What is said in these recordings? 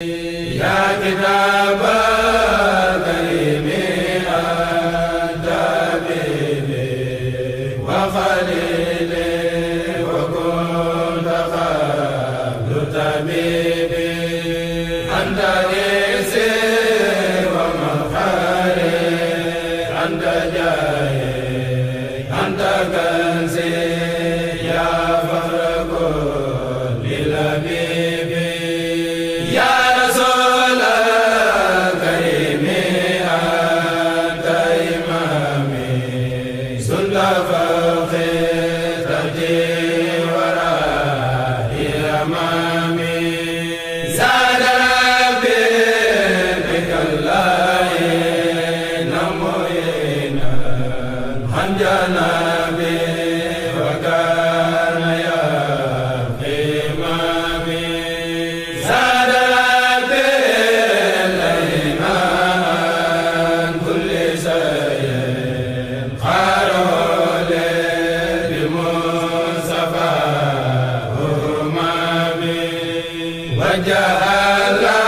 yaa kitaaba karimi anta bihi wa xalili wa kunta xayra tabibi anta isi wa madxari anta jaahi anta kanzi yaa fahra kulli labi وجهلا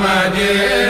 محمد